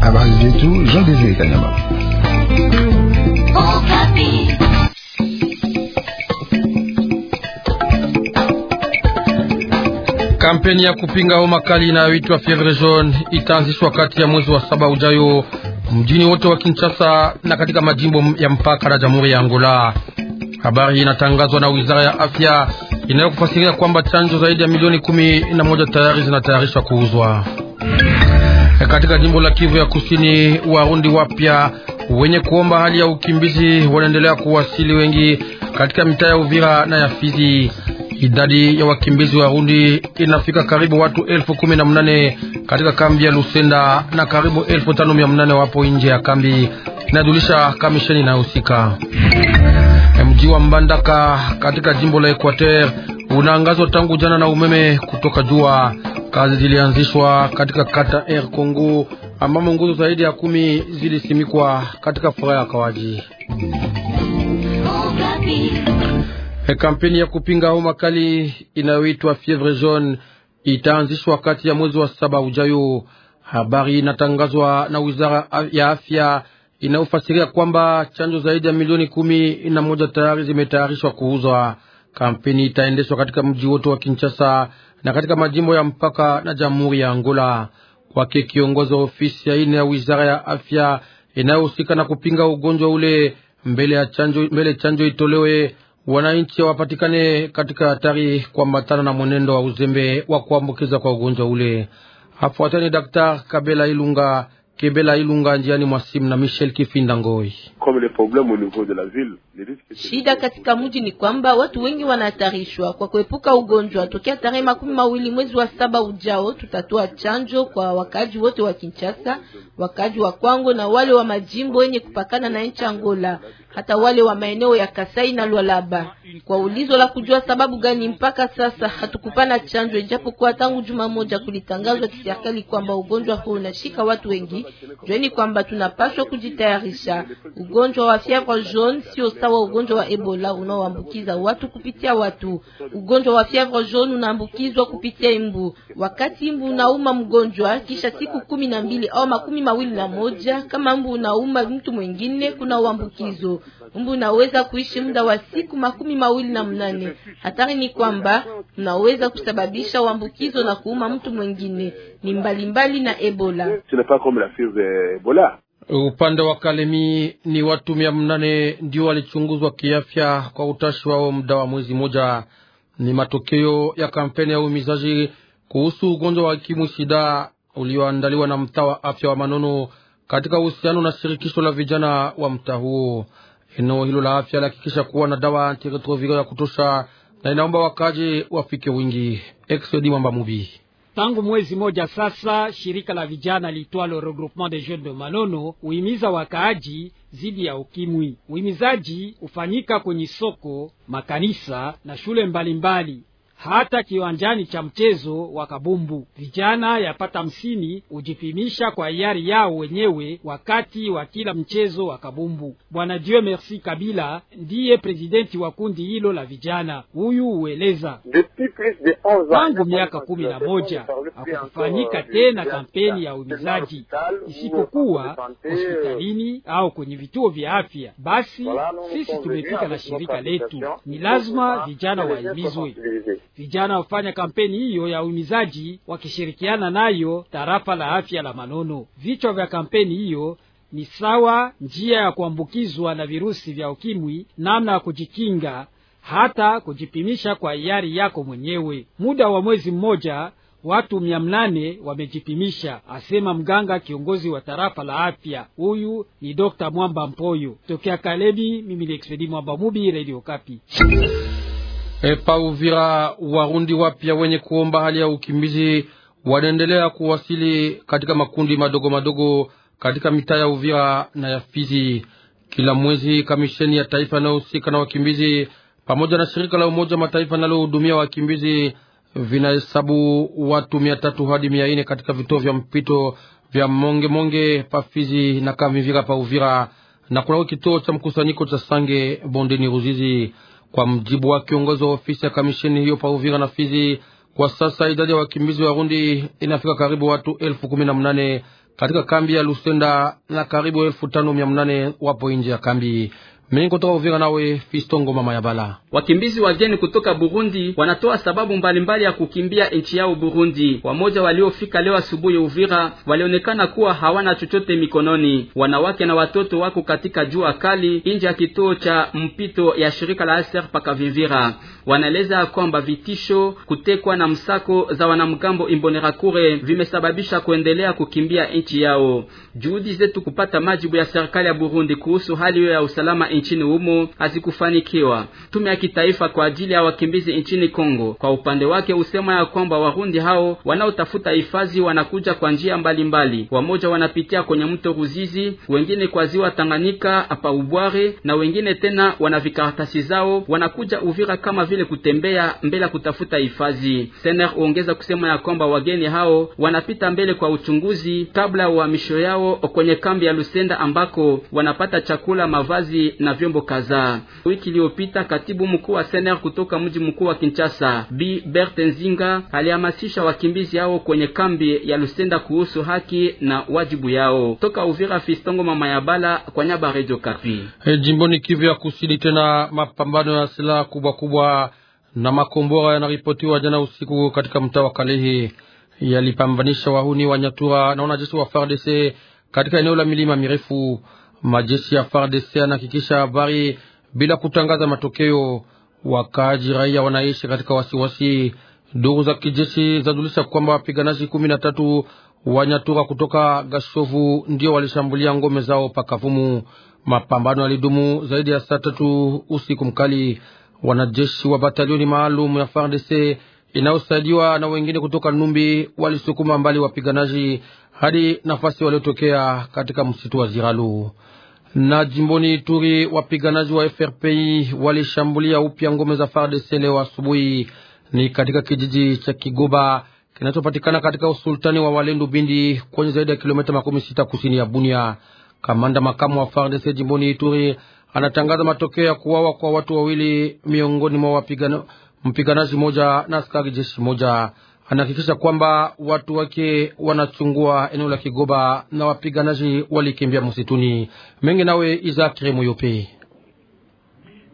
Habari zetu Jean Desire Kanyama. Kampeni ya kupinga homa kali inayoitwa fievre jaune itaanzishwa kati ya mwezi wa saba ujayo mjini wote wa Kinshasa na katika majimbo ya mpaka na Jamhuri ya Angola. Habari inatangazwa na Wizara ya Afya inayokufasiria kwamba chanjo zaidi ya milioni kumi na moja tayari zinatayarishwa kuuzwa katika jimbo la Kivu ya Kusini. Warundi wapya wenye kuomba hali ya ukimbizi wanaendelea kuwasili wengi katika mitaa ya Uvira na ya Fizi. Idadi ya wakimbizi Warundi inafika karibu watu elfu kumi na mnane katika kambi ya Lusenda na karibu elfu tano mia mnane wapo nje ya kambi, inajulisha kamisheni inayohusika mji wa Mbandaka katika jimbo la Equateur unaangazwa tangu jana na umeme kutoka jua. Kazi zilianzishwa katika kata Air Congo ambamo nguzo zaidi ya kumi zilisimikwa katika furaha ya kawaji. E, kampeni ya kupinga homa kali inayoitwa fievre jaune itaanzishwa kati ya mwezi wa saba ujayo. Habari inatangazwa na wizara ya afya inayofasiria kwamba chanjo zaidi ya milioni kumi na moja tayari zimetayarishwa kuuzwa. Kampeni itaendeshwa katika mji wote wa Kinshasa na katika majimbo ya mpaka na Jamhuri ya Angola. Kwake kiongozi wa ofisi ya ine ya wizara ya afya inayohusika na kupinga ugonjwa ule, mbele ya chanjo, mbele chanjo itolewe, wananchi wapatikane katika hatari kuambatana na mwenendo wa uzembe wa kuambukiza kwa ugonjwa ule. Afuatani Daktari Kabela Ilunga Kebela Ilunga njiani mwasimu na Michel Kifinda Ngoi. Shida katika mji ni kwamba watu wengi wanahatarishwa kwa kuepuka ugonjwa. Tokea tarehe makumi mawili mwezi wa saba ujao, tutatoa chanjo kwa wakaji wote wa Kinshasa, wakaji wa Kwango na wale wa majimbo yenye kupakana na nchi Angola hata wale wa maeneo ya Kasai na Lualaba. Kwa ulizo la kujua sababu gani mpaka sasa hatukupana chanjo, ijapokuwa tangu juma moja kulitangazwa kiserikali kwamba ugonjwa huu unashika watu wengi. Jueni kwamba tunapaswa kujitayarisha. Ugonjwa wa fievre jaune sio sawa ugonjwa wa Ebola unaoambukiza watu kupitia watu. Ugonjwa wa fievre jaune unaambukizwa kupitia imbu. Wakati imbu unauma mgonjwa, kisha siku kumi na mbili au makumi mawili na moja, kama mbu unauma mtu mwingine, kuna uambukizo mbu. unaweza kuishi muda wa siku makumi mawili na mnane. Hatari ni kwamba unaweza kusababisha uambukizo na kuuma mtu mwingine, ni mbalimbali na Ebola. Upande wa Kalemi ni watu mia mnane ndio walichunguzwa kiafya kwa utashi wao muda wa mwezi moja Ni matokeo ya kampeni ya uhimizaji kuhusu ugonjwa wa ukimwi sida ulioandaliwa na mtaa wa afya wa Manono katika uhusiano na shirikisho la vijana wa mtaa huo. Eneo hilo la afya lihakikisha kuwa na dawa antiretroviral ya kutosha na inaomba wakaji wafike wingi. Exodi Mwamba Mubi. Tangu mwezi moja sasa, shirika la vijana liitwalo Regroupement des Jeunes de Manono huimiza wakaaji zidi ya ukimwi. Uhimizaji hufanyika kwenye soko, makanisa na shule mbalimbali mbali hata kiwanjani cha mchezo wa kabumbu. Vijana yapata hamsini hujipimisha kwa hiari yao wenyewe wakati wa kila mchezo wa kabumbu. Bwana Dieu Merci Kabila ndiye prezidenti wa kundi hilo la vijana. Huyu hueleza tangu miaka kumi na moja hakufanyika tena kampeni ya uhimizaji isipokuwa hospitalini au kwenye vituo vya afya. Basi sisi tumefika na shirika letu, ni lazima vijana wahimizwe. Vijana hufanya kampeni hiyo ya uhimizaji wakishirikiana nayo tarafa la afya la Manono. Vichwa vya kampeni hiyo ni sawa njia ya kuambukizwa na virusi vya ukimwi, namna ya kujikinga, hata kujipimisha kwa hiari yako mwenyewe. Muda wa mwezi mmoja watu mia mnane wamejipimisha, asema mganga kiongozi wa tarafa la afya. Huyu ni Dr Mwamba Mpoyo tokea Kalebi. Mimi ni Expedi Mwamba Mubi, Radio Kapi. E, eh, pa Uvira warundi wapya wenye kuomba hali ya ukimbizi wanaendelea kuwasili katika makundi madogo madogo katika mitaa ya Uvira na ya Fizi. Kila mwezi kamisheni ya taifa inayohusika na wakimbizi pamoja na shirika la Umoja Mataifa linalohudumia wakimbizi vinahesabu watu mia tatu hadi mia nne katika vituo vya mpito vya Monge Monge pa Fizi na Kamivira pa Uvira, na kunao kituo cha mkusanyiko cha Sange bondeni Ruzizi. Kwa mjibu wa kiongozi wa ofisi ya kamisheni hiyo pa Uvira na Fizi, kwa sasa idadi ya wakimbizi wa Rundi inafika karibu watu elfu kumi na mnane katika kambi ya Lusenda na karibu elfu tano mia mnane wapo nje ya kambi mengi kutoka Uvira nawe Fisto Ngoma Mayabala. Wakimbizi wageni kutoka Burundi wanatoa sababu mbalimbali mbali ya kukimbia nchi yao Burundi. Wamoja waliofika leo asubuhi Uvira walionekana kuwa hawana chochote mikononi. Wanawake na watoto wako katika jua kali nje ya kituo cha mpito ya shirika la paka Vivira. Wanaeleza kwamba vitisho, kutekwa na msako za wanamgambo Imbonerakure vimesababisha kuendelea kukimbia nchi yao. Juhudi zetu kupata majibu ya serikali ya Burundi kuhusu hali hiyo ya usalama nchini humo hazikufanikiwa. Tume ya kitaifa kwa ajili ya wakimbizi nchini Kongo kwa upande wake usema ya kwamba Warundi hao wanaotafuta hifadhi wanakuja kwa njia mbalimbali. Wamoja wanapitia kwenye mto Ruzizi, wengine kwa ziwa Tanganyika hapa Ubware, na wengine tena wana vikaratasi zao wanakuja Uvira kama vile kutembea mbele kutafuta hifadhi. Sener huongeza kusema ya kwamba wageni hao wanapita mbele kwa uchunguzi kabla ya uhamisho yao kwenye kambi ya Lusenda ambako wanapata chakula, mavazi na na vyombo kadhaa. Wiki iliyopita katibu mkuu wa SNR kutoka mji mkuu wa Kinshasa B Bertenzinga alihamasisha wakimbizi hao kwenye kambi ya Lusenda kuhusu haki na wajibu yao. Toka Uvira, Fistongo mama ya Bala kwa nyaba Radio Kapi. Hey, eh, jimboni Kivu ya Kusini, tena mapambano ya silaha kubwa kubwa na makombora yanaripotiwa jana usiku katika mtaa wa Kalehe yalipambanisha wahuni wa Nyatura na wanajeshi wa FARDC katika eneo la milima mirefu. Majeshi ya FARDC yanahakikisha habari bila kutangaza matokeo. Wakaaji raia wanaishi katika wasiwasi. Duru za kijeshi zajulisha kwamba wapiganaji kumi na tatu Wanyatura kutoka Gashovu ndio walishambulia ngome zao Pakavumu. Mapambano yalidumu zaidi ya saa tatu usiku mkali. Wanajeshi wa batalioni maalum ya FARDC inayosaidiwa na wengine kutoka Numbi walisukuma mbali wapiganaji hadi nafasi waliotokea katika msitu wa Ziralu. Na jimboni Ituri, wapiganaji wa FRPI walishambulia upya ngome za FARDC leo asubuhi, ni katika kijiji cha Kigoba kinachopatikana katika usultani wa Walendu Bindi, kwenye zaidi ya kilomita makumi sita kusini ya Bunia. Kamanda makamu wa FARDC jimboni Ituri anatangaza matokeo ya kuwawa kwa watu wawili miongoni mwa wapiganaji Mpiganaji moja na askari jeshi moja anahakikisha kwamba watu wake wanachungua eneo la Kigoba na wapiganaji walikimbia msituni. Mengi nawe Izakire Moyope.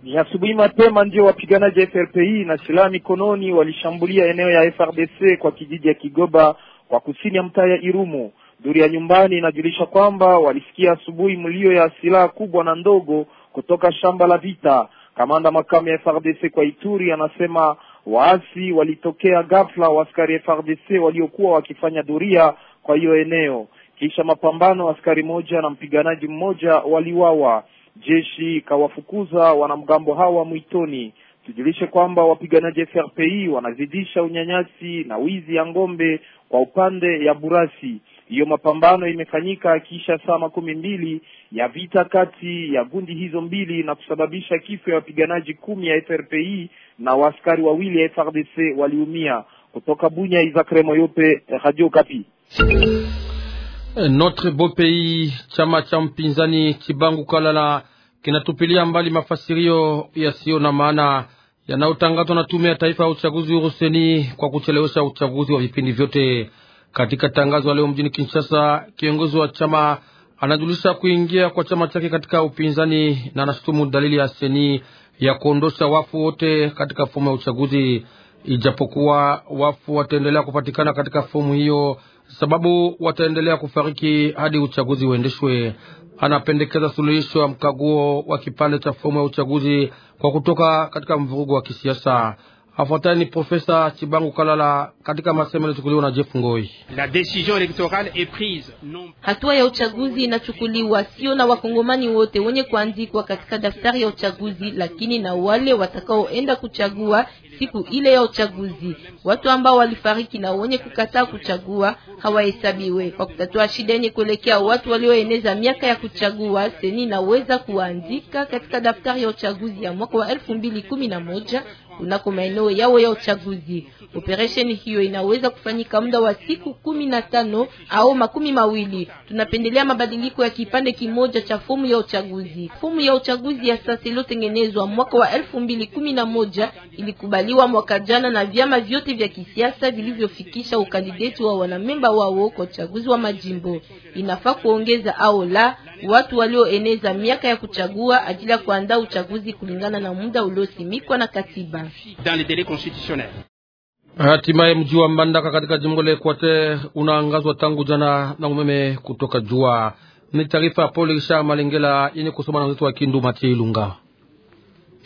Ni asubuhi mapema ndio wapiganaji FRPI na silaha mikononi walishambulia eneo ya FRDC kwa kijiji ya Kigoba kwa kusini ya mtaa ya Irumu. Duri ya nyumbani inajulisha kwamba walisikia asubuhi mlio ya silaha kubwa na ndogo kutoka shamba la vita. Kamanda makamu ya FRDC kwa Ituri anasema waasi walitokea ghafla wa askari FRDC waliokuwa wakifanya doria kwa hiyo eneo. Kisha mapambano, askari moja na mpiganaji mmoja waliwawa. Jeshi kawafukuza wanamgambo hawa mwitoni. Tujulishe kwamba wapiganaji FRPI wanazidisha unyanyasi na wizi ya ng'ombe kwa upande ya Burasi, hiyo mapambano imefanyika kisha saa makumi mbili ya vita kati ya gundi hizo mbili na kusababisha kifo ya wapiganaji kumi ya FRPI na waaskari wawili ya FRDC waliumia. Kutoka Bunya, Izakre Moyope, Radio Kapi. Notre Beau Pays, chama cha mpinzani Chibangu Kalala kinatupilia mbali mafasirio yasiyo na maana yanayotangazwa na tume ya taifa ya uchaguzi huruseni kwa kuchelewesha uchaguzi wa vipindi vyote. Katika tangazo leo mjini Kinshasa, kiongozi wa chama anajulisha kuingia kwa chama chake katika upinzani na anashutumu dalili ya seni ya kuondosha wafu wote katika fomu ya uchaguzi ijapokuwa wafu wataendelea kupatikana katika fomu hiyo, sababu wataendelea kufariki hadi uchaguzi uendeshwe. Anapendekeza suluhisho ya mkaguo wa kipande cha fomu ya uchaguzi kwa kutoka katika mvurugo wa kisiasa. Afuatani ni Profesa Chibangu Kalala katika masemo yaliyochukuliwa na Jeff Ngoi. Hatua ya uchaguzi inachukuliwa sio na wakongomani wote wenye kuandikwa katika daftari ya uchaguzi, lakini na wale watakaoenda kuchagua siku ile ya uchaguzi. Watu ambao walifariki na wenye kukataa kuchagua hawahesabiwe. Kwa kutatua shida yenye kuelekea watu walioeneza miaka ya kuchagua, seni inaweza kuandika katika daftari ya uchaguzi ya mwaka wa elfu mbili kumi na moja kunako maeneo yao ya uchaguzi. Operesheni hiyo inaweza kufanyika muda wa siku kumi na tano au makumi mawili. Tunapendelea mabadiliko ya kipande kimoja cha fomu ya uchaguzi. Fomu ya uchaguzi ya sasa iliyotengenezwa mwaka wa elfu mbili kumi na moja ilikubaliwa mwaka jana na vyama vyote vya kisiasa vilivyofikisha ukandideti wa wanamemba wao kwa uchaguzi wa majimbo. Inafaa kuongeza au la watu walioeneza miaka ya kuchagua ajili ya kuandaa uchaguzi kulingana na muda uliosimikwa na katiba. Hatimaye mji wa Mbandaka katika jimbo la Equateur unaangazwa tangu jana na umeme kutoka jua. Ni taarifa ya Paul Richard Malengela yenye kusoma na wenzetu wa Kindu Matie Ilunga.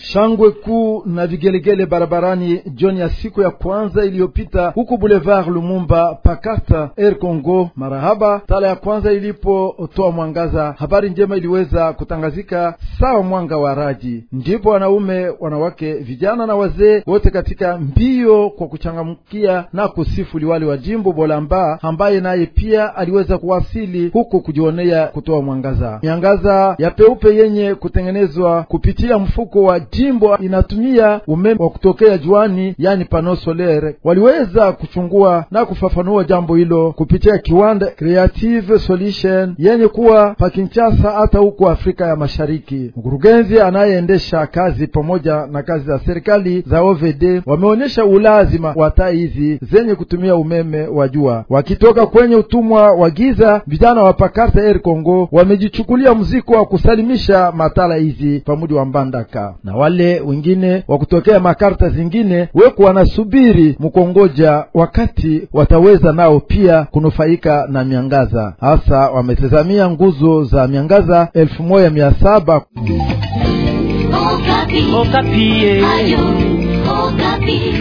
Shangwe kuu na vigelegele barabarani jioni ya siku ya kwanza iliyopita huku Boulevard Lumumba pakata Air Congo marahaba tala ya kwanza ilipotoa mwangaza, habari njema iliweza kutangazika sawa mwanga wa raji. Ndipo wanaume, wanawake, vijana na wazee wote katika mbio kwa kuchangamkia na kusifu liwali wa jimbo Bolamba, ambaye naye pia aliweza kuwasili huku kujionea kutoa mwangaza, miangaza ya peupe yenye kutengenezwa kupitia mfuko wa jimbo inatumia umeme wa kutokea juani, yani pano solaire. Waliweza kuchungua na kufafanua jambo hilo kupitia kiwanda Creative Solution yenye kuwa pa Kinshasa, hata huko Afrika ya Mashariki. Mkurugenzi anayeendesha kazi pamoja na kazi za serikali za OVD wameonyesha ulazima wa taa hizi zenye kutumia umeme wa jua. Wakitoka kwenye utumwa wa giza, vijana wa Pakarta Air Congo wamejichukulia mziko wa kusalimisha matala hizi pamoja wa Mbandaka na wale wengine wa kutokea makarta zingine weko wanasubiri mkongoja wakati wataweza nao pia kunufaika na miangaza, hasa wametazamia nguzo za miangaza elfu moja mia saba. Okapi. Okapi. Eh. Okapi.